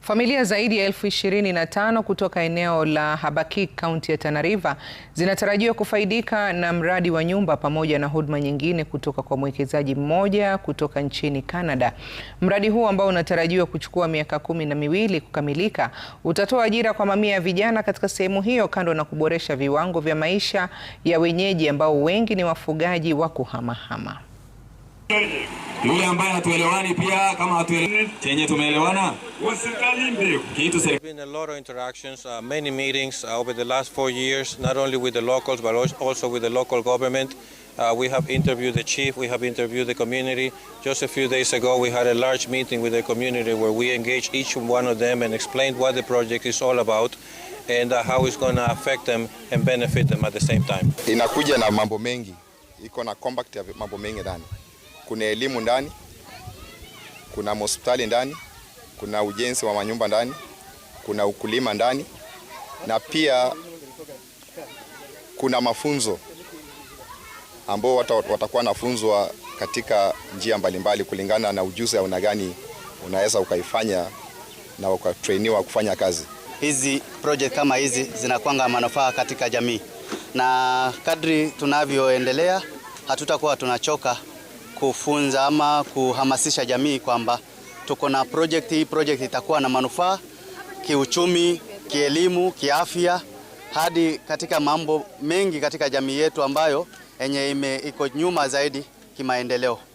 Familia zaidi ya elfu ishirini na tano kutoka eneo la Habakik kaunti ya Tana River zinatarajiwa kufaidika na mradi wa nyumba pamoja na huduma nyingine kutoka kwa mwekezaji mmoja kutoka nchini Canada. Mradi huu ambao unatarajiwa kuchukua miaka kumi na miwili kukamilika utatoa ajira kwa mamia ya vijana katika sehemu hiyo, kando na kuboresha viwango vya maisha ya wenyeji ambao wengi ni wafugaji wa kuhamahama. Yule ambaye hatuelewani pia kama chenye tumeelewana kitu Been a lot of interactions, uh, many meetings uh, over the last four years, not only with the locals but also with the local government. Uh, we have interviewed the chief, we have interviewed the community. Just a few days ago, we had a large meeting with the community where we engaged each one of them and explained what the project is all about and uh, how it's going to affect them and benefit them at the same time. Inakuja na mambo mengi, iko na compact ya mambo mengi ndani kuna elimu ndani, kuna hospitali ndani, kuna ujenzi wa manyumba ndani, kuna ukulima ndani, na pia kuna mafunzo ambao watakuwa nafunzwa katika njia mbalimbali kulingana na ujuzi aina gani unaweza ukaifanya na ukatrainiwa kufanya kazi. Hizi project kama hizi zinakwanga manufaa katika jamii, na kadri tunavyoendelea hatutakuwa tunachoka kufunza ama kuhamasisha jamii kwamba tuko na project hii. Project itakuwa na manufaa kiuchumi, kielimu, kiafya, hadi katika mambo mengi katika jamii yetu ambayo yenye ime iko nyuma zaidi kimaendeleo.